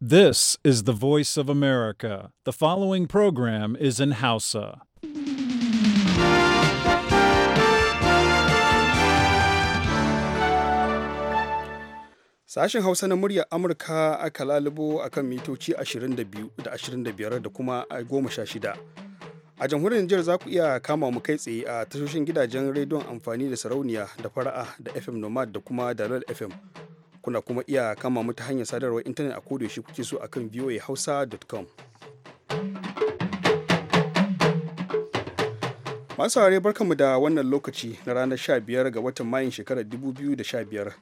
This is the voice of America. The following program is in Hausa. Sashen Hausa na muryar Amurka aka lalubo a kan mitoci 22 da 25 da kuma 16. A jamhuriyar Nijar za ku iya kama mu kai tsaye a tashoshin gidajen rediyon amfani da sarauniya da fara'a da FM Nomad da kuma Dalal FM. kuna kuma iya kama mu ta hanyar sadarwar intanet a kodayaushe kuke so a akan voahausa.com masu saurare barkanmu da wannan lokaci na ranar 15 ga watan mayin shekarar 2015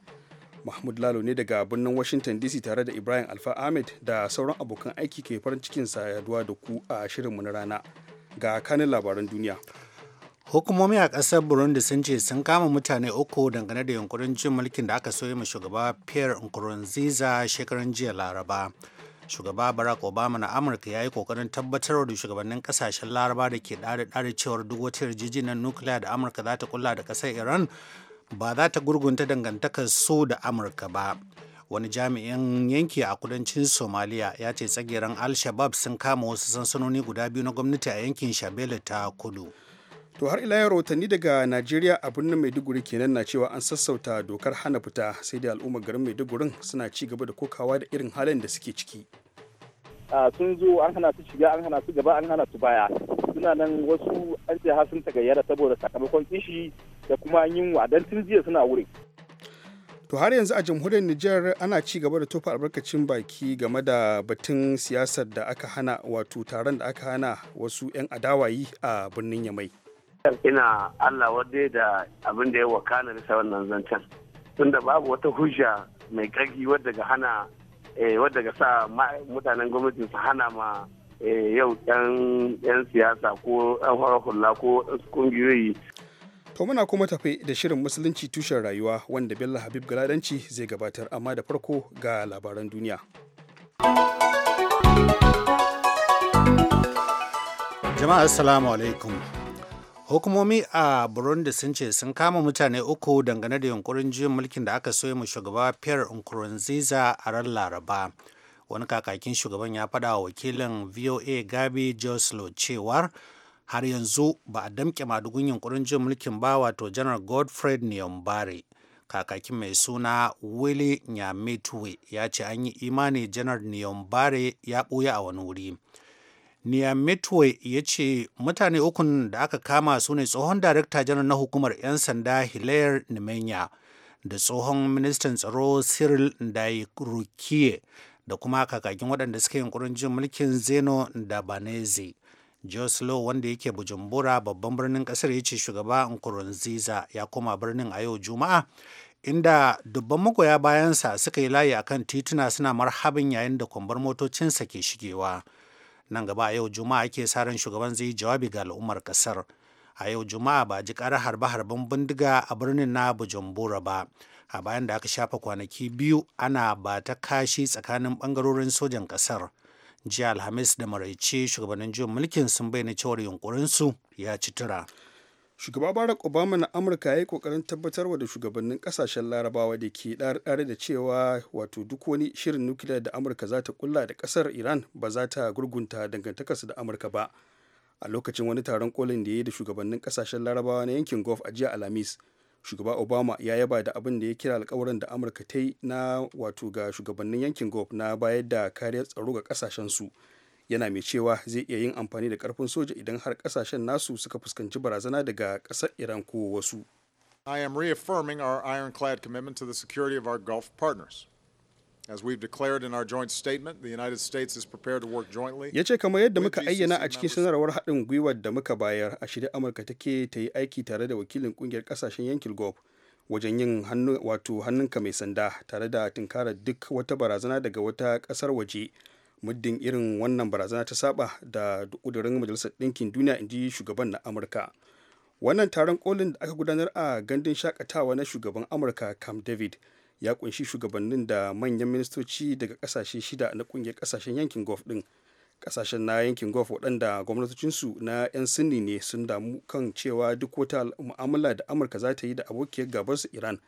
mahmud lalo ne daga birnin washington dc tare da ibrahim alfa ahmed da sauran abokan aiki ke farin cikin saduwa da ku a shirinmu na rana ga kanin labaran duniya hukumomi a ƙasar burundi sun ce sun kama mutane uku dangane da yunkurin jin mulkin da aka soye ma shugaba pierre nkurunziza shekaran jiya laraba shugaba barack obama na amurka ya yi kokarin tabbatar da shugabannin ƙasashen laraba da ke ɗare-ɗare cewar duk wata yarjejeniyar nukiliya da amurka za ta kula da ƙasar iran ba za ta gurgunta dangantakar su da amurka ba wani jami'in yanki a kudancin somaliya ya ce tsageren al-shabab sun kama wasu sansanoni guda biyu na gwamnati a yankin shabele ta kudu to har ila rahotanni daga najeriya a birnin maiduguri kenan na cewa an sassauta dokar hana fita sai da al'ummar garin maidugurin suna ci gaba da kokawa da irin halin da suke ciki sun zo an hana su shiga an hana su gaba an hana su baya suna nan wasu an ce har sun tagayyara saboda sakamakon kishi da kuma yunwa wadan tun jiya suna wurin to har yanzu a jamhuriyar Nijar ana ci gaba da tofa albarkacin baki game da batun siyasar da aka hana wato taron da aka hana wasu 'yan adawayi a birnin Yamai. ina Allah wadda da abin da ya wakana da wannan zancen tunda babu wata hujja mai ƙarfi wadda ga hana eh, wadda ga sa mutanen gwamnati su hana ma eh, yau yan siyasa ko yan fara hula ko kungiyoyi To muna kuma tafe da shirin musulunci tushen rayuwa wanda Bello Habib Galadanci zai gabatar amma da farko ga labaran duniya. Jama'a Assalamu alaikum. hukumomi a burundi sun ce sun kama mutane uku dangane da yunkurin juyin mulkin da aka soye mu shugaba pierre nkurunziza a ran laraba wani kakakin shugaban ya fada wa wakilin voa gabi joslo cewar har yanzu ba a damƙe madugun yunkurin juyin mulkin ba wato janar godfred neombari kakakin mai suna willy nyamitwe ya ce an yi imani janar neombari ya ɓuya a wani wuri Mitwe ya ce mutane ukun da aka kama su ne tsohon darakta janar na hukumar 'yan sanda Hilaire Nemenya da tsohon ministan tsaro Cyril Ndayrukiye da kuma kakakin waɗanda suka yunkurin jin mulkin Zeno da Baneze. Joslo wanda yake Bujumbura babban birnin ƙasar ya ce shugaba Nkurunziza ya koma birnin a yau Juma'a inda dubban magoya bayansa suka yi layi akan tituna suna marhabin yayin da kwambar motocinsa ke shigewa. nan gaba a yau juma'a ake sa ran shugaban zai yi jawabi ga al'ummar kasar a yau juma'a ba ji karar harbe-harben bindiga a birnin na bujumbura ba a bayan da aka shafa kwanaki biyu ana ba ta kashi tsakanin bangarorin sojan kasar jiya alhamis da maraice shugabannin juyin mulkin sun bayyana cewar yunkurinsu ya ci tura shugaba barack obama na amurka ya yi kokarin tabbatarwa da shugabannin kasashen larabawa da ke ɗare da cewa wato duk wani shirin nukiliya da amurka za ta kulla da kasar iran ba za ta gurgunta dangantakarsu da amurka ba a lokacin wani taron kolin da ya yi da shugabannin kasashen larabawa na yankin gulf a jiya alhamis shugaba obama ya yaba da abin da ya kira alkawarin da amurka ta yi na wato ga shugabannin yankin gulf na bayar da kariyar tsaro ga kasashen su yana mai cewa zai iya yin amfani da karfin soja idan har kasashen nasu suka fuskanci barazana daga kasar iran ko wasu I am reaffirming our ironclad commitment to the security of our Gulf partners. As we've declared in our joint statement, the United States is prepared to work jointly. Ya ce kamar yadda muka ayyana a cikin sanarwar haɗin gwiwar da muka bayar a shirye Amurka take ta yi aiki tare da wakilin ƙungiyar ƙasashen yankin Gulf wajen yin hannu wato hannunka mai sanda tare da tunkarar duk wata barazana daga wata ƙasar waje. muddin irin wannan barazana ta saba da ƙudurin majalisar ɗinkin duniya inji shugaban na amurka wannan taron kolin da aka gudanar a gandun shakatawa na shugaban amurka cam david ya kunshi shugabannin da manyan ministoci daga kasashe shida na kungiyar kasashen yankin gulf din kasashen na yankin gulf waɗanda gwamnatocinsu na 'yan sinni ne sun damu kan cewa duk wata mu'amala da amurka za ta yi da abokiyar gabarsu iran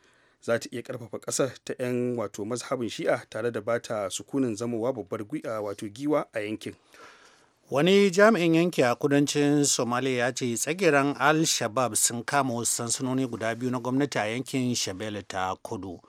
za ta iya karfafa kasar ta 'yan wato mazhabin shi'a tare da bata sukunin zamowa babbar wato giwa a yankin wani jami'in yanki a kudancin somalia ya ce tsagiran al-shabab sun kama wasu sansanoni guda biyu na gwamnati a yankin shabele ta kudu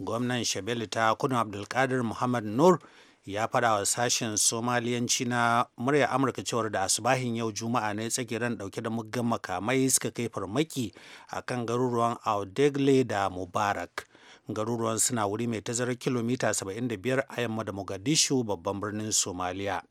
gwamnan shabele ta kudu abdulkadir muhammad nur ya faɗa wa sashen somaliyanci na murya amurka cewar da asubahin yau juma'a ne ran ɗauke da muggan makamai suka kai farmaki a kan garuruwan audegle da mubarak garuruwan suna wuri mai tazarar kilomita 75 a yamma da mogadishu babban birnin somaliya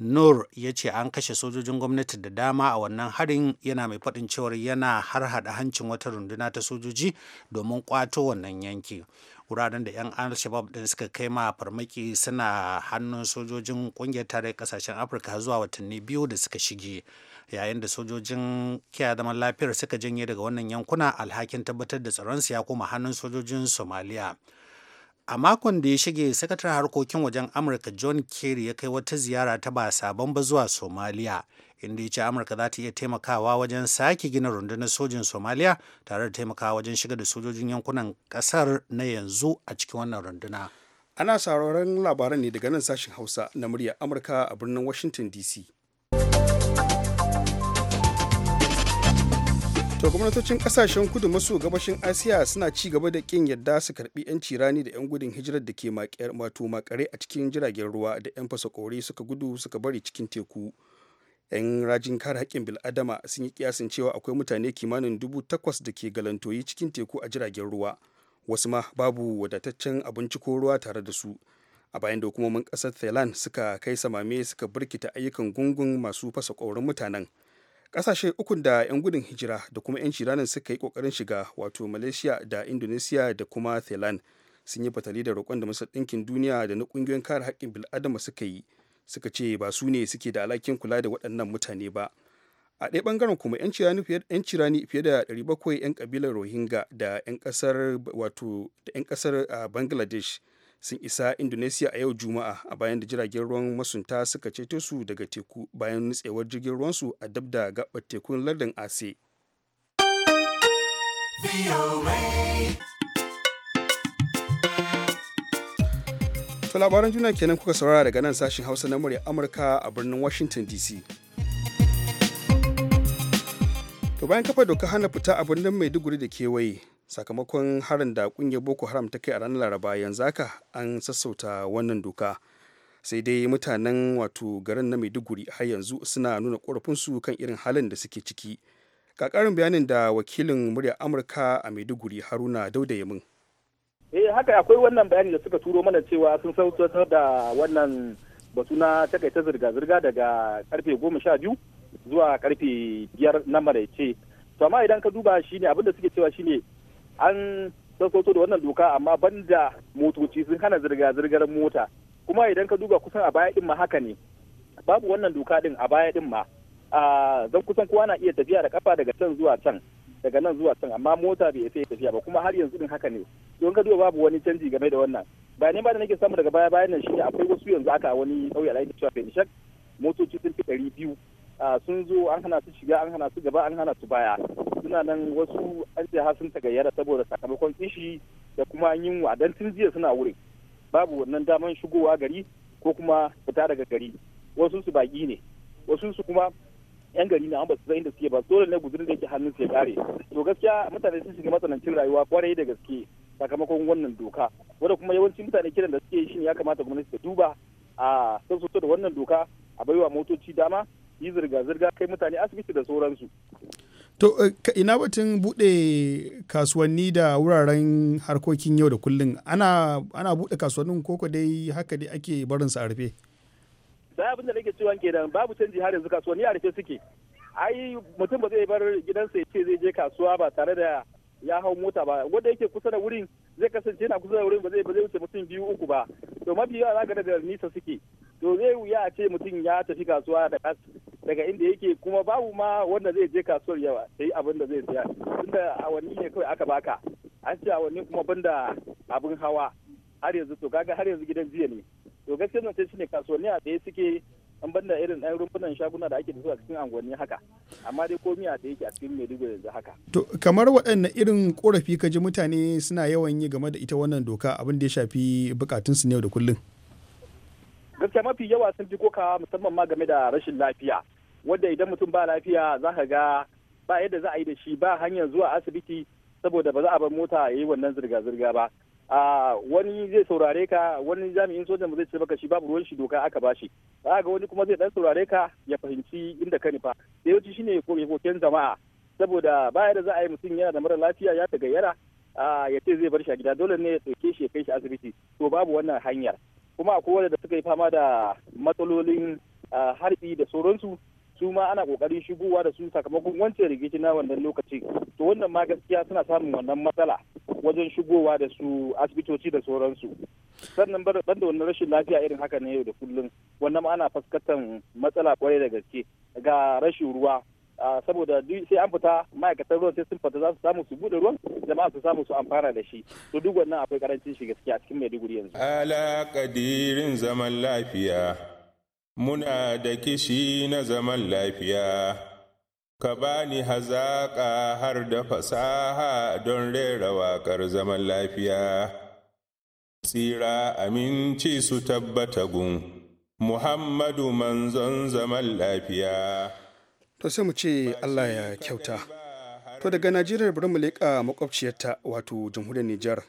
Nur ya ce an kashe sojojin gwamnati da dama a wannan harin yana mai faɗin cewar yana har hada hancin wata runduna ta sojoji domin kwato wannan yanki. wuraren da 'yan al-shabab din suka kai ma farmaki suna hannun sojojin kungiyar tarayyar kasashen afirka zuwa watanni biyu da suka shige yayin da sojojin kiya zaman lafiyar suka janye daga wannan yankuna alhakin tabbatar da tsaron su ya koma hannun sojojin somaliya a makon da ya shige sakataren harkokin wajen amurka john kerry ya kai wata ziyara ta ba sabon ba zuwa somaliya inda ya ce amurka za ta iya taimakawa wajen sake gina rundunar sojin somaliya tare da taimakawa wajen shiga da sojojin yankunan kasar na yanzu a cikin wannan runduna ana sauraron labaran ne daga nan sashen hausa na murya amurka a birnin washington dc to gwamnatocin kasashen kudu maso gabashin asiya suna ci gaba da kin yadda su karbi yanci rani da yan gudun hijirar da ke makare a cikin jiragen ruwa da yan fasa kore suka gudu suka bari cikin teku 'yan rajin kare haƙƙin bil'adama sun yi kiyasin cewa akwai mutane kimanin dubu takwas da ke galantoyi cikin teku a jiragen ruwa wasu ma babu wadataccen abinci ko ruwa tare da su a bayan da hukumomin ƙasar thailand suka kai samame suka birkita ayyukan gungun masu fasa ƙorin mutanen ƙasashe ukun da 'yan gudun hijira da kuma 'yan shiranin suka yi ƙoƙarin shiga wato malaysia da indonesia da kuma thailand sun yi fatali da roƙon da masa ɗinkin duniya da na ƙungiyoyin kare haƙƙin bil'adama suka yi suka ce ba su ne suke da alhakin kula da waɗannan mutane ba a ɗaya ɓangaren kuma 'yan cirani fiye da 700 'yan ƙabilar rohingya da 'yan ƙasar wato da 'yan ƙasar bangladesh sun isa indonesia a yau juma'a a bayan da jiragen ruwan masunta suka ceto su daga teku bayan nutsewar jirgin ruwansu a dab da gabar tekun lardin ase To labaran juna kenan kuka saurara daga nan sashin Hausa na murya Amurka a birnin Washington DC. To bayan kafa doka hana fita a birnin Maiduguri da kewaye sakamakon harin da kungiyar Boko Haram ta kai a ranar Laraba yanzu haka an sassauta wannan doka. Sai dai mutanen wato garin na Maiduguri har yanzu suna nuna su kan irin halin da suke ciki. Ga bayanin da wakilin murya Amurka a Maiduguri Haruna Dauda Yamin. eh haka akwai wannan bayani da suka turo mana cewa sun sautar da wannan batu na takaita zirga-zirga daga karfe goma sha biyu zuwa karfe biyar na maraice to amma idan ka duba shi ne da suke cewa shi ne an sassoto da wannan doka amma banda motoci sun hana zirga-zirgar mota kuma idan ka duba kusan a baya din ma haka ne babu wannan doka din a baya din ma a zan kusan kowa na iya tafiya da kafa daga can zuwa can daga nan zuwa can amma mota bai isa tafiya ba kuma har yanzu din haka ne don ka babu wani canji game da wannan ne ba da nake samu daga baya bayan nan shi akwai wasu yanzu aka wani sauya a layin cewa Benishak motoci sun fi ɗari biyu sun zo an hana su shiga an hana su gaba an hana su baya suna nan wasu an ce har sun tagayyara saboda sakamakon kishi da kuma yunwa dan tun jiya suna wurin babu wannan daman shigowa gari ko kuma fita daga gari wasu su baki ne wasu su kuma yan gari na an ba su zai inda suke ba dole ne guzurin da yake hannun su ya kare to gaskiya mutane sun shiga matsanancin rayuwa kwarai da gaske sakamakon wannan doka wanda kuma yawanci mutane kiran da suke shi ya kamata gwamnati ta duba a sassoto da wannan doka a baiwa motoci dama yi zirga-zirga kai mutane asibiti da sauransu to eh, ina batun bude kasuwanni da wuraren harkokin yau da kullum ana ana bude kasuwannin koko dai haka dai ake barin su a rufe da abin da nake cewa kenan babu canji har yanzu kasuwanni a rufe suke ai mutum ba zai bar gidansa ya ce zai je kasuwa ba tare da ya hau mota ba wanda yake kusa da wurin zai kasance yana kusa da wurin ba zai ba zai wuce mutum biyu uku ba to mafi yawa zaka da nisa suke to zai wuya a ce mutum ya tafi kasuwa da kas daga inda yake kuma babu ma wanda zai je kasuwar yawa sai abin da zai saya tunda awanni ne kawai aka baka an ce awanni kuma banda abin hawa har yanzu to kaga har yanzu gidan jiya ne to gaskiya ce shine kasuwanni a tsaye suke an banda irin ɗan rumfunan shaguna da ake da su a cikin angonni haka amma dai komi a yake a cikin maiduguri yanzu haka. to kamar waɗanne irin korafi ka ji mutane suna yawan yi game da ita wannan doka abin da ya shafi su ne yau da kullum. gaskiya mafi yawa sun fi kokawa musamman ma game da rashin lafiya wanda idan mutum ba lafiya za ka ga ba yadda za a yi da shi ba hanyar zuwa asibiti saboda ba za a bar mota ya yi wannan zirga-zirga ba wani zai saurare ka wani jami'in sojan ba zai ce baka shi babu ruwan shi doka aka bashi za ga wani kuma zai dan saurare ka ya fahimci inda ka nufa sai yawanci shine koken jama'a saboda baya da za a yi mutum yana da mara lafiya ya tagayyara ya ce zai bar shi a gida dole ne ya ɗauke shi ya kai shi asibiti to babu wannan hanyar kuma akwai wanda suka yi fama da matsalolin harbi da sauransu su ma ana kokarin shigowa da su sakamakon wancan rikici na wannan lokaci to wannan ma gaskiya suna samun wannan matsala wajen shigowa da su asibitoci da sauransu sannan ban da wannan rashin lafiya irin haka ne yau da kullum wannan ma ana fuskantar matsala kwarai da gaske ga rashin ruwa saboda sai an fita ma'aikatan ruwan sai sun fita za su samu su bude ruwan jama'a su samu su amfana da shi to duk wannan akwai karancin shi gaskiya cikin maiduguri yanzu alaƙadirin zaman lafiya muna da kishi na zaman lafiya, ka bani hazaƙa har da fasaha don rera waƙar zaman lafiya. Tsira aminci su tabbata gun, Muhammadu manzon zaman lafiya. To sai mu ce Allah ya kyauta. To daga Najeriya bari mu leƙa makwabciyarta wato jamhuriyar Nijar.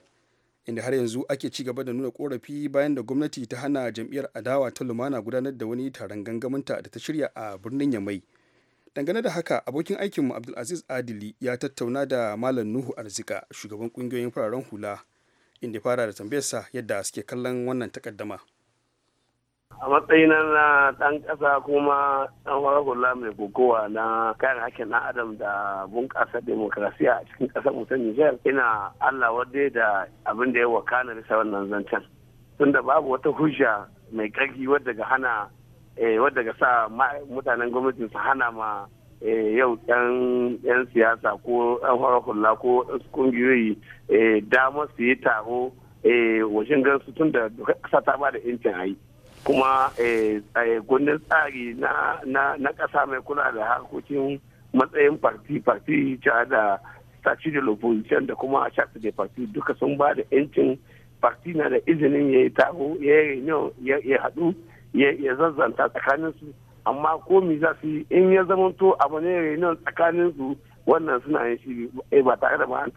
inda har yanzu ake ci gaba da nuna korafi bayan da gwamnati ta hana jam'iyyar adawa ta lumana gudanar da wani taron gangaminta da ta shirya a birnin yamai dangane da haka abokin aikinmu abdulaziz adili ya tattauna da malam nuhu arzika shugaban kungiyoyin fararen hula inda fara da tambayarsa yadda suke kallon wannan takaddama a matsayina na ɗan ƙasa kuma ɗan hula mai gogowa na kayan hakkin ɗan adam da bunƙasa demokrasiya a cikin ƙasar mutum ta ina Allah wadde da abin da ya wakana bisa wannan zancen tunda babu wata hujja mai ƙarfi wadda ga hana eh, wadda ga sa mutanen gwamnatin su hana ma eh, yau yan siyasa ko yan hula ko kungiyoyi eh, damar su yi taro wajen gansu tunda ƙasa ta ba da 'yancin ayi. kuma eh, eh, gundin tsari na ƙasa mai kula da harkokin matsayin farti-farti ta da statue da l'opposition da kuma charte da farti duka sun ba da yancin farti na da izinin ya yi taho ya yi ya haɗu ya zazzanta tsakanin amma ko za su yi in ya to abu ne reunion tsakanin su wannan suna yin shi eh, ba tare da ma an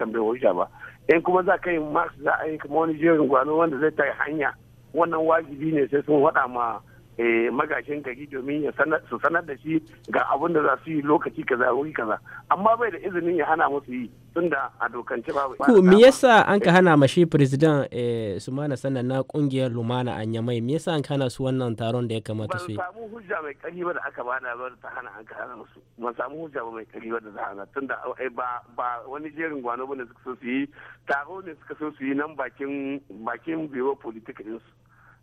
ba in kuma za ka yi za a yi kuma wani jerin gwano wanda zai ta hanya wannan wajibi ne sai sun haɗa ma eh, magashin gari domin su sanar da shi ga abin da za su yi lokaci kaza wuri kaza amma bai da izinin ya hana musu yi tunda a dokance ba ku me yasa an ka hana mashi president eh, sumana sanan na kungiyar lumana anya mai me yasa an ka hana su wannan taron da ya kamata su yi ban samu hujja mai kari ba da aka bada ba ta hana an ka hana musu ban samu hujja ba mai kari ba da ta hana tunda eh, ba ba wani jerin gwano bane suka so su yi taro ne suka so su yi nan bakin bakin biro politika din su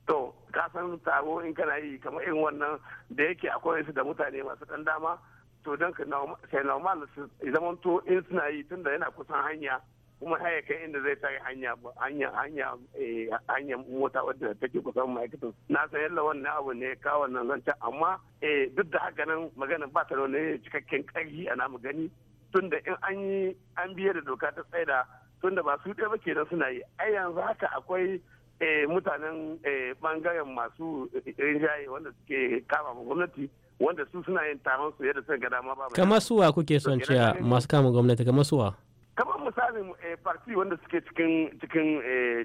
to kasan taro in kana yi kamar irin wannan da yake akwai su da mutane masu dan dama to don ka sai normal su zaman to in suna yi tunda yana kusan hanya kuma haya kai inda zai tare hanya hanya hanya eh, hanya mota wadda take kusan ma'aikatan na san yalla wannan abu ne ka wannan zancen amma eh, duk da haka nan maganin ba ta ne cikakken karfi a namu gani tunda in an yi an biye da doka ta tsaida tunda ba su ɗaya ba kenan suna yi ai yanzu haka akwai Eh, mutanen bangaren eh, masu eh, rinjaye wanda suke kama gwamnati wanda su suna yin taron su yadda suka gada ma ba kamar suwa kuke son cewa masu kama gwamnati kamar suwa kamar misalin parti wanda suke cikin cikin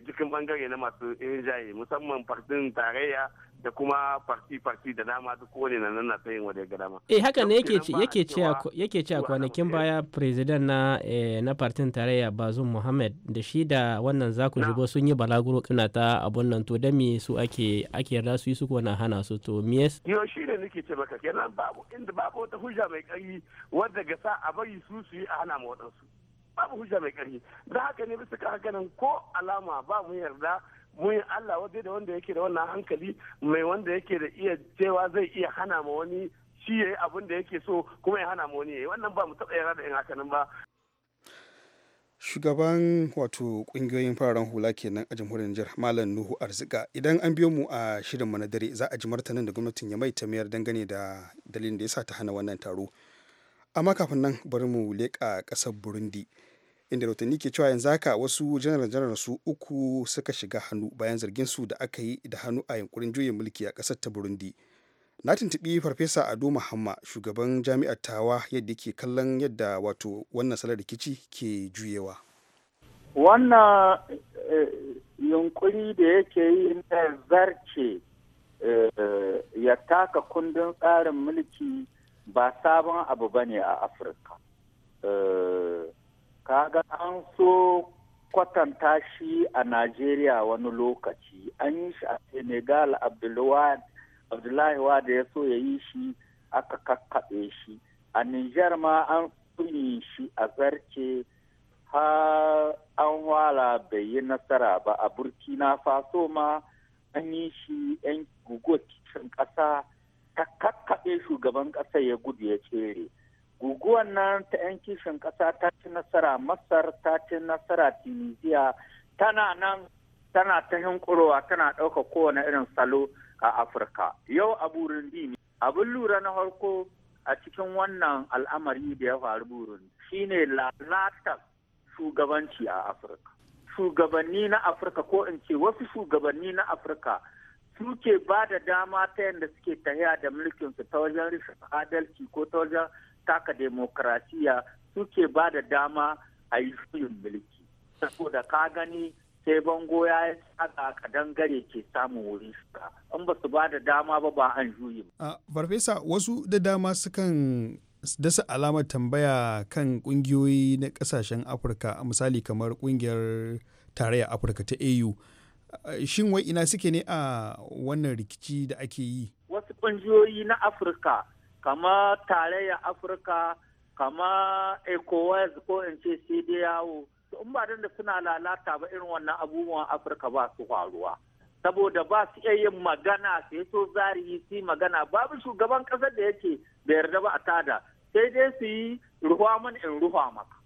cikin bangare na masu rinjaye musamman partin tarayya da kuma farti farti da dama duk wani nan na sayin wanda ya ga dama eh haka ne yake ce a kwanakin baya president na eh, na partin tarayya Bazoum Muhammad da shi da wannan zaku shigo sun yi balaguro kina ta abun nan to da me su ake ake yarda su yi su ko na hana su to me yes yo shi ne nake ce maka kenan babu inda babu wata hujja mai ƙarfi wanda ga sa a bari su su yi a hana ma waɗansu babu hujja mai ƙarfi da haka ne bisa ka haka nan ko alama ba mu yarda mun yi Allah waje da wanda yake da wannan hankali mai wanda yake da iya cewa zai iya hana ma wani shi ya yi abin da yake so kuma ya hana ma wani ya yi wannan ba mu taɓa yara da yin haka nan ba shugaban wato kungiyoyin fararen hula kenan a jamhuriyar Nijar Malam Nuhu Arzika idan an biyo mu a shirin na dare za a ji martanin da gwamnatin ya mai ta mayar dangane da dalilin da ya sa ta hana wannan taro amma kafin nan bari mu leƙa ƙasar Burundi inda rahotanni ke cewa yanzu haka wasu janaral janaral su uku suka shiga hannu bayan zargin su da aka yi da hannu a yankurin juyin mulki a ƙasar ta burundi na tuntuɓi farfesa ado muhamma shugaban jami'ar tawa yadda ke kallon yadda wato wannan salar rikici ke juyewa wannan eh, yunkuri da yake yi na zarce eh, ya taka kundin tsarin mulki ba sabon abu ba ne a afirka eh, kaga an so kwatanta shi a najeriya wani lokaci an yi shi a senegal abdullahi wade ya so ya yi shi aka kakkaɓe shi a niger ma an yi shi a zarce ha an wala bai yi nasara ba a burkina faso ma an yi shi 'yan gugu cikin ƙasa ta kakkaɓe shugaban ƙasa ya gudu ya cere. guguwan nan ta 'yan kishin ƙasa ta ci nasara masar ta ci nasara tunisia tana nan tana ta hinkurowa tana ɗauka kowane irin salo a afirka yau a burundi abin lura na harko a cikin wannan al'amari da ya faru burundi shine lalatar shugabanci a afirka shugabanni na afirka ko in ce wasu shugabanni na afirka suke ba da dama ta yadda suke tahiya da mulkinsu ta wajen rashin adalci ko ta wajen taka demokrasiya suke ba da dama a yi juyin mulki saboda ka gani sai bango ya yi tsaga kadangare ke samun wurin shiga an ba su ba da dama ba ba an juyi ba. farfesa wasu da dama sukan dasa alamar tambaya kan kungiyoyi na kasashen afirka misali kamar kungiyar tarayya afirka ta au shin wai ina suke ne a wannan rikici da ake yi wasu kungiyoyi na afirka kama tarayya afirka kama ecowas ko in ce cdao in ba da suna lalata ba irin wannan abubuwan afirka ba su faruwa saboda ba su iya yin magana su yi so yi su magana babu shugaban kasar da yake da yarda ba a tada sai dai su yi ruwa man in ruwa maka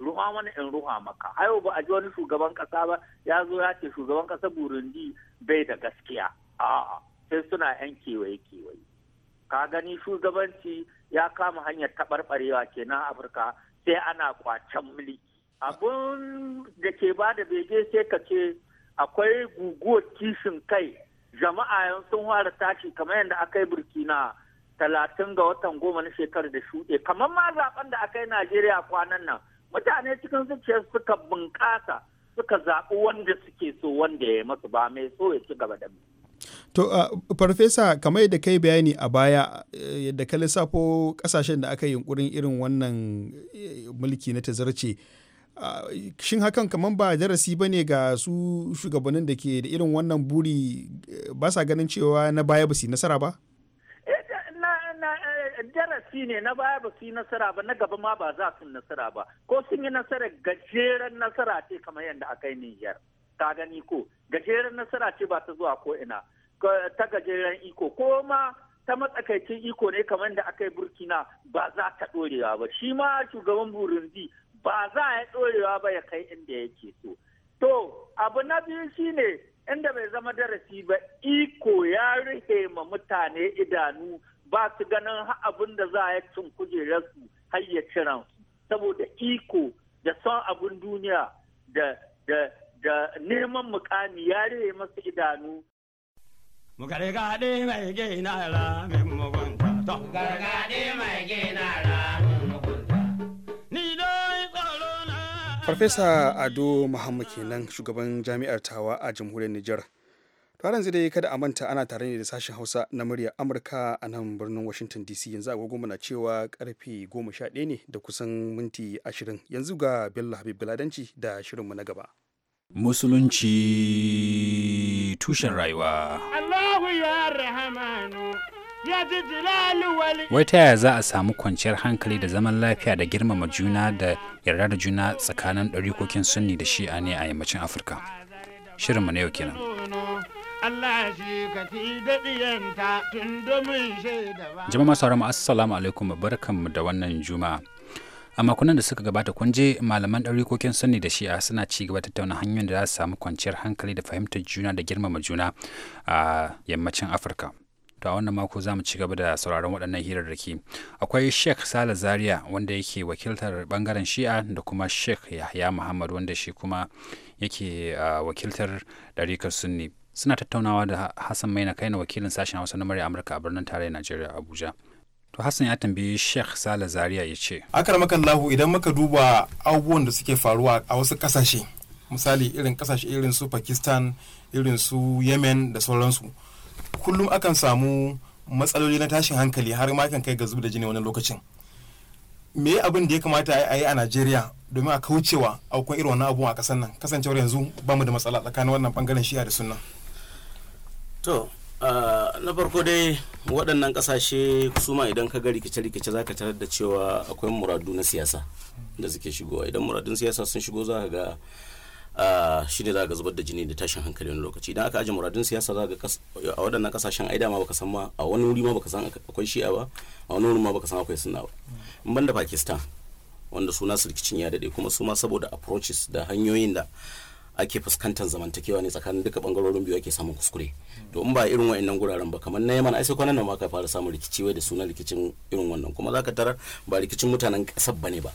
ruwa man in ruwa maka ayo ba a ji wani shugaban kasa ba ya zo ya ce shugaban kasa burundi bai da gaskiya a'a sai suna yan kewaye kewaye ka gani shugabanci ya kama hanyar taɓarɓarewa kenan afirka sai ana kwacen miliki abun da ke ba da bege sai ka ce akwai guguwar kishin kai jama'a yan sun fara tashi kamar yadda aka yi burkina talatin ga watan goma na shekarar da shuɗe kamar ma zaben da aka yi najeriya kwanan nan mutane cikin zuciya suka bunƙasa suka zaɓi wanda suke so wanda ya masu ba mai so ya ci gaba da mu To, Farfesa, kamar yadda kai bayani a baya eh, yadda ka lissafo kasashen da aka yunkurin irin wannan eh, mulki na tazarce. Shin hakan kamar ba darasi ba ne ga su shugabannin da ke da irin wannan buri eh, ba sa ganin cewa na baya ba su nasara ba? darasi ne na baya ba su yi nasara ba na gaba ma ba za su nasara ba ko sun yi nasara gajeren nasara ce kamar yadda aka yi niyyar ka gani ko gajeren nasara ce ba ta zuwa ko ina ta gajeren iko ko ma ta matsakaicin iko ne kamar da aka yi burkina ba za ta ɗorewa ba shi ma shugaban burundi ba za ya ɗorewa ba ya kai inda yake so to abu na biyu shine inda bai zama darasi ba iko ya rufe ma mutane idanu ba su ganin abin da za ya cin kujerarsu har ya ciran saboda iko da son abin duniya da neman mukami ya rufe masu idanu Mugargaɗe mai gina ra min mugunta. To. Mugargaɗe mai gina ra min mugunta. Ni dai tsaro na. Farfesa Ado Muhammad kenan shugaban jami'ar Tawa a jamhuriyar Nijar. Taron zai dai kada a manta ana tare ne da sashen Hausa na muryar Amurka a nan birnin Washington DC yanzu gogo na cewa karfe 11 ne da kusan minti 20 yanzu ga Bello Habib biladanci da shirinmu na gaba. Musulunci tushen rayuwa. Allahu ya rahamanu ya ji Wai ta yaya za a samu kwanciyar hankali da zaman lafiya da girmama juna da yarda da juna tsakanin ɗarikokin sunni da shi'a ne a yammacin Afirka. Shirinmu na yau kenan. Jama'a sauran ka fi daɗiyanta tun assalamu alaikum barkanmu da wannan juma'a. a makonan da suka gabata kun je malaman ɗaurikokin sunni da shi'a suna ci gaba tattauna hanyoyin da za su samu kwanciyar hankali da fahimtar juna da girmama juna a yammacin afirka to a wannan mako za mu ci gaba da sauraron waɗannan hirarraki akwai sheikh sala zaria wanda yake wakiltar bangaren shi'a da kuma sheikh yahya muhammad wanda shi kuma yake wakiltar ɗarikar sunni suna tattaunawa da hassan maina na wakilin sashen hausa na murya amurka a birnin tarayyar najeriya abuja To Hassan ya tambayi Sheikh Sale Zaria ya ce. lahu idan muka duba abubuwan da suke faruwa a wasu kasashe misali irin kasashe irin su Pakistan irin su Yemen da sauransu kullum akan samu matsaloli na tashin hankali har ma kan kai ga zub da jini wani lokacin. me abin da ya kamata a yi a Najeriya domin a kaucewa aukon irin wannan abubuwa a kasan nan kasancewar yanzu ba mu da matsala tsakanin wannan bangaren shiya da sunna. To, Ah, na farko dai waɗannan ƙasashe su ma idan ka ga rikice-rikice za ka tarar da cewa akwai muradu na siyasa da suke shigowa idan muradun siyasa sun shigo za ka ga ah, shi ne za ga zubar da jini da tashin hankali wani lokaci idan aka aje muradun siyasa za ka a waɗannan ƙasashen ai dama baka san ma a wani wuri ma baka san akwai shi'a ba a wani wuri ma baka san akwai sunna ba in banda pakistan wanda suna su rikicin ya daɗe kuma su ma saboda approaches da hanyoyin da ake fuskantar zamantakewa ne tsakanin duka bangarorin biyu ake samun kuskure to in ba irin wa'annan guraren ba kamar na yaman ai sai kwanan nan ma ka fara samun rikici wai da sunan rikicin irin wannan kuma zaka tarar ba rikicin mutanen kasar bane ba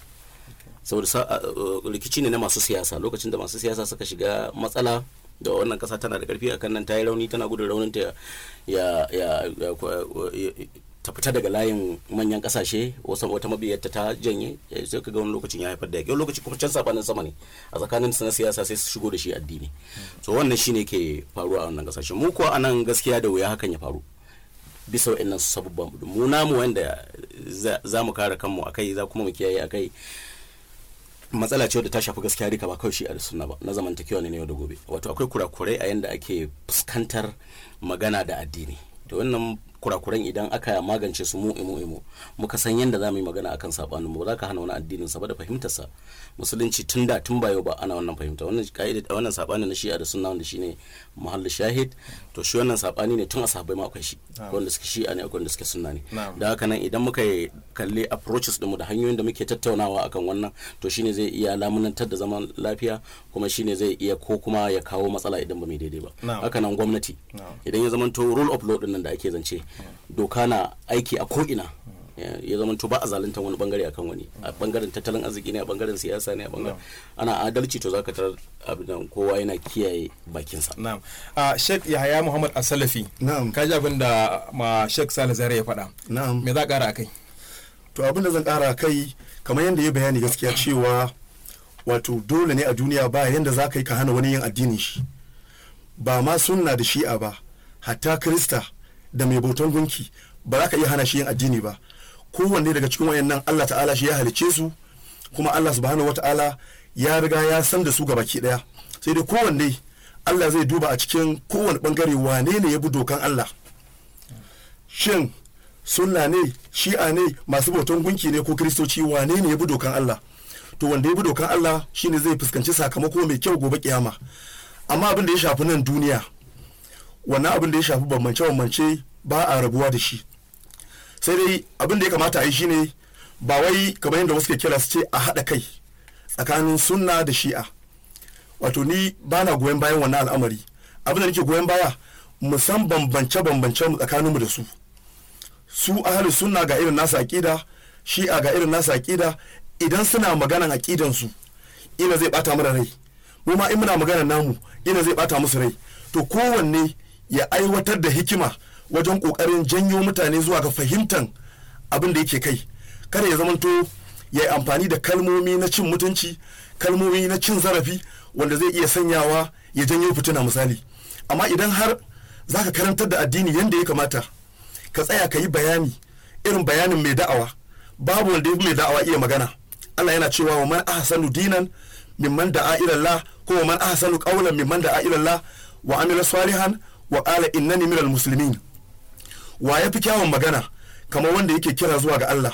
saboda uh, rikici ne na masu siyasa lokacin da masu siyasa suka shiga matsala da wannan kasa tana da karfi kan nan ta yi rauni tana gudun raunin ta ya ta fita daga layin manyan kasashe wasu wata mabiyarta ta janye eh, sai ka ga wani lokacin ya haifar da yaƙi lokaci kuma can sabanin sama ne a tsakanin na siyasa sai su shigo da shi addini to wannan shine ke faruwa a wannan kasashe mu kuwa anan gaskiya da wuya hakan ya faru bisa wa'annan sabubban mu namu wanda za mu kare kanmu a kai za kuma mu kiyaye a kai matsala ce wadda ta shafi gaskiya rika ba kawai shi a suna ba na zamantakewa ne na yau da gobe wato akwai kurakurai a yanda ake fuskantar magana da addini to wannan kurakuran idan aka magance su mu imu imu muka san yadda za mu yi magana akan sabanin mu ba za ka hana wani addinin sa ba da fahimtar sa musulunci tun da tun ba yau ba ana wannan fahimta wannan kaida wannan sabani na shi'a da sunna wanda shine muhallu shahid to shi wannan sabani ne tun a ma akwai shi wanda suke shi'a ne akwai wanda suke sunna ne da haka nan idan muka kalli approaches din mu da hanyoyin da muke tattaunawa akan wannan to shine zai iya lamunantar da zaman lafiya kuma shine zai iya ko kuma ya kawo matsala idan ba mai daidai ba haka nan gwamnati idan ya to rule of law din nan da ake zance doka na aiki a ko'ina ya zama to ba a zalunta wani bangare akan wani a bangaren tattalin arziki ne a bangaren siyasa ne a bangaren ana adalci to zaka tarar abin kowa yana kiyaye bakinsa na'am a Sheikh Yahaya Muhammad Asalafi na'am kaji abin da ma Sheik Sale Zare ya faɗa na'am me za ka ƙara kai? to abin da zan ƙara kai kamar yadda ya bayani gaskiya cewa wato dole ne a duniya ba yadda za ka yi ka hana wani yin addini, shi ba ma sunna da shi'a ba hatta krista da mai bautan gunki ba za ka iya hana shi yin addini ba kowanne daga cikin wayannan Allah ta'ala shi ya halice su kuma Allah subhanahu wata'ala ya riga ya san da su ga baki daya sai dai kowanne Allah zai duba a cikin kowane bangare wane ne ya bi dokan Allah shin sunna ne shi'a ne masu bautan gunki ne ko kiristoci wane ne ya bi dokan Allah to wanda ya bi dokan Allah shine zai fuskanci sakamako mai kyau gobe kiyama amma abin da ya shafi nan duniya wannan abin da ya shafi bambance bambance ba a rabuwa da shi sai dai abin da ya kamata a yi shine ba wai kamar yadda wasu ke kira su ce a haɗa kai tsakanin sunna da shi'a wato ni ba na goyon bayan wannan al'amari abin da nake goyon baya mu san bambance bambance mu tsakanin mu da su su ahlus sunna ga irin nasu aqida shi'a ga irin nasu aqida idan suna maganan aqidan su ina zai bata mana rai mu ma in muna maganan namu ina zai bata musu rai to kowanne ya aiwatar da hikima wajen kokarin janyo mutane zuwa ga fahimtan abin da yake kai kada ya zamanto ya yi amfani da kalmomi na cin mutunci kalmomi na cin zarafi wanda zai iya sanyawa ya janyo fitina misali amma idan har za ka karantar da addini yadda ya kamata ka tsaya ka yi bayani irin bayanin mai da'awa babu wanda ya mai da'awa iya magana Allah yana cewa wa man ahsanu dinan mimman da'a ila Allah ko wa man ahsanu qawlan mimman da'a ila Allah wa amila salihan wa inna innani minal musulmin wa ya fi kyawun magana kamar wanda yake kira zuwa ga Allah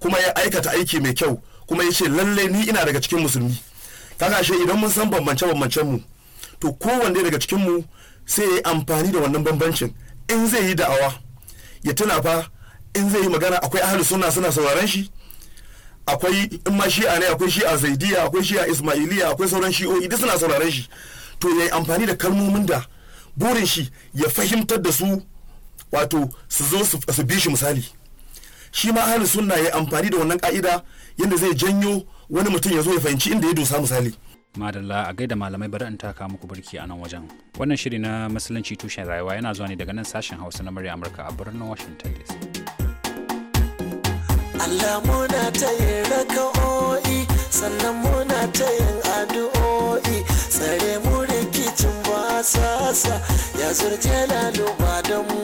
kuma ya aikata aiki mai kyau kuma ya ce lallai ni ina daga cikin musulmi kaga shi idan mun san bambance bambancen mu to kowanne daga cikin mu sai ya yi amfani da wannan bambancin in zai yi da'awa ya tuna fa in zai yi magana akwai ahlus sunna suna sauraron shi akwai in ma shi'a ne akwai shi'a zaidiya akwai shi'a ismailiya akwai sauran shi'o'i duk suna sauraron shi to yayi amfani da kalmomin da burin shi ya fahimtar da su wato su zo su bi shi misali shi ma ahlus sunna ya amfani da wannan ka'ida yadda zai janyo wani mutum ya zo ya fahimci inda ya dosa misali madalla a gaida malamai bari in taka muku barki a nan wajen wannan shiri na musulunci tushen rayuwa yana zuwa ne daga nan sashen hausa na murya amurka a birnin washington dc Allah muna ta yin raka'o'i sannan muna ta yin addu'o'i tsare mu rikicin sasa ya zurce lalu ba da mu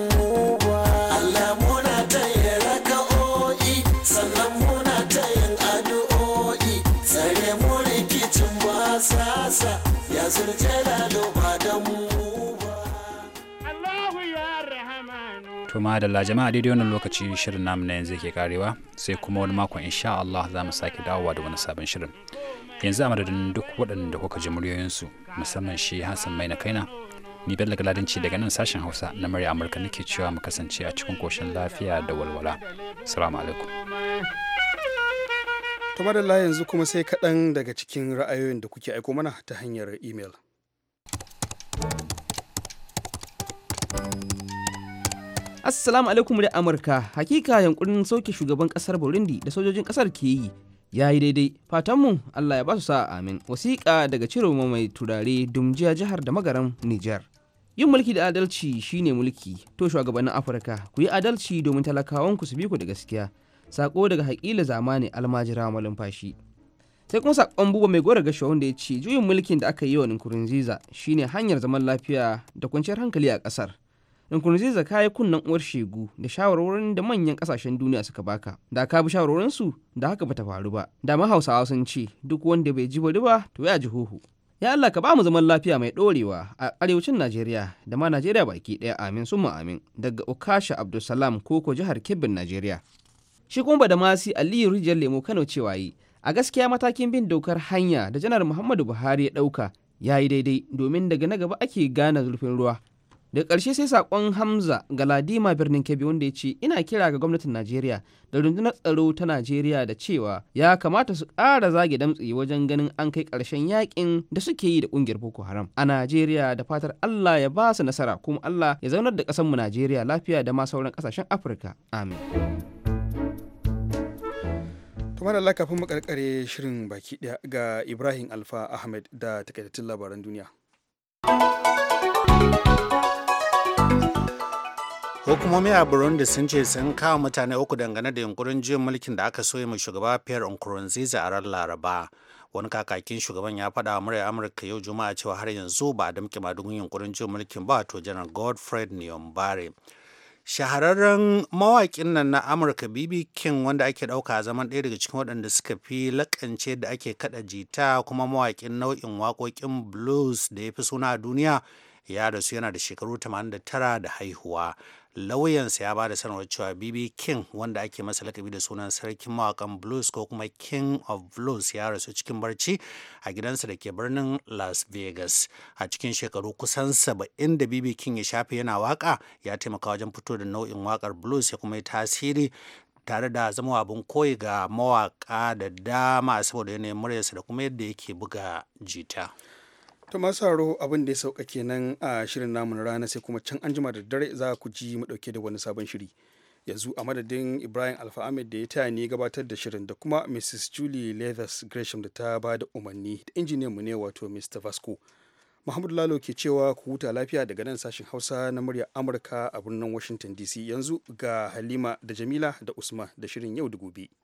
ba Allah muna ta yin raka'o'i sannan muna ta yin addu'o'i tsare mu rikicin ba sasa ya zurce ba da mu ba Allahu to madalla jama'a daidai wannan lokaci shirin namu na yanzu ke karewa sai kuma wani makon insha Allah za mu sake dawowa da wani sabon shirin yanzu a duk waɗanda kuka ji muryoyinsu musamman shi hassan mai na kaina ni bello galadanci daga nan sashen hausa na murya amurka nake cewa mu kasance a cikin koshin lafiya da walwala salamu alaikum kamar da yanzu kuma sai kaɗan daga cikin ra'ayoyin da kuke aiko mana ta hanyar imel. Assalamu alaikum da Amurka. Hakika yankunan soke shugaban kasar Burundi da sojojin kasar ke yi ya yi daidai fatanmu allah ya ba su sa'a amin wasiƙa daga ciroma mai turare dumjiya jihar da magaran nijar yin mulki da adalci shine mulki to shugabannin afirka ku yi adalci domin talakawan ku su bi ku da gaskiya sako daga haƙila zamani almajira malumfashi sai kuma sakon buba mai gora gashuwa wanda ya ce juyin mulkin da aka yi wa nkurunziza shine hanyar zaman lafiya da kwanciyar hankali a ƙasar Nkurunziza ka yi kunnen uwar shegu da shawarwarin da manyan kasashen duniya suka baka. Da ka bi shawarwarinsu da haka bata faru ba. Da ma Hausawa sun ce duk wanda bai ji bari ba to ya ji huhu. Ya Allah ka ba mu zaman lafiya mai ɗorewa a arewacin Najeriya da ma Najeriya baki ɗaya amin sun amin daga Okasha Abdulsalam koko jihar Kebbin Najeriya. Shi kuma da masi Aliyu Rijiyar Lemo Kano cewa yi a gaskiya matakin bin dokar hanya da janar Muhammadu Buhari ya ɗauka ya yi daidai domin daga na gaba ake gane zurfin ruwa da ƙarshe sai saƙon hamza ga galadima birnin kebbi wanda ya ce ina kira ga gwamnatin najeriya da rundunar tsaro ta najeriya da cewa ya kamata su ƙara zage damtse wajen ganin an kai ƙarshen yakin da suke yi da ƙungiyar boko haram a najeriya da fatar allah ya ba su nasara kuma allah ya zaunar da ƙasarmu najeriya lafiya da ma sauran ƙasashen afirka amin kamar Allah kafin mu karkare shirin baki daya ga Ibrahim Alfa Ahmed da takaitattun labaran duniya. hukumomi a burundi sun ce sun kawo mutane uku dangane da yunkurin juyin mulkin da aka soya mai shugaba pierre nkurunziza a ran laraba wani kakakin shugaban ya faɗa wa muryar amurka yau juma'a cewa har yanzu ba a damƙe madugun yunkurin juyin mulkin ba to janar godfred neombare shahararren mawaƙin nan na amurka bb king wanda ake ɗauka a zaman ɗaya daga cikin waɗanda suka fi lakance da ake kaɗa jita kuma mawakin nau'in waƙoƙin blues da ya fi suna a duniya ya rasu yana da shekaru 89 da haihuwa lauyansa ya ba da sanarwar cewa bb king wanda ake masa lakabi da sunan sarkin mawakan blues ko kuma king of blues ya rasu cikin barci a gidansa da ke birnin las vegas a cikin shekaru kusan saba'in da bb king ya shafe yana waka ya taimaka wajen fito da nau'in wakar blues ya kuma yi tasiri tare da zama abin koyi ga mawaka da dama saboda yanayin muryarsa da kuma yadda yake buga jita. To masu haro abin da ya sauka kenan a shirin namun rana sai kuma can an jima da dare za ku ji mu dauke da wani sabon shiri. Yanzu a madadin Ibrahim Alfa Ahmed da ya taya ni gabatar da shirin da kuma Mrs. Julie Leathers Gresham da ta ba da umarni da injiniyan mu ne wato Mr. Vasco. Muhammadu Lalo ke cewa ku huta lafiya daga nan sashen Hausa na murya Amurka a birnin Washington DC yanzu ga Halima da Jamila da Usman da shirin yau da gobe.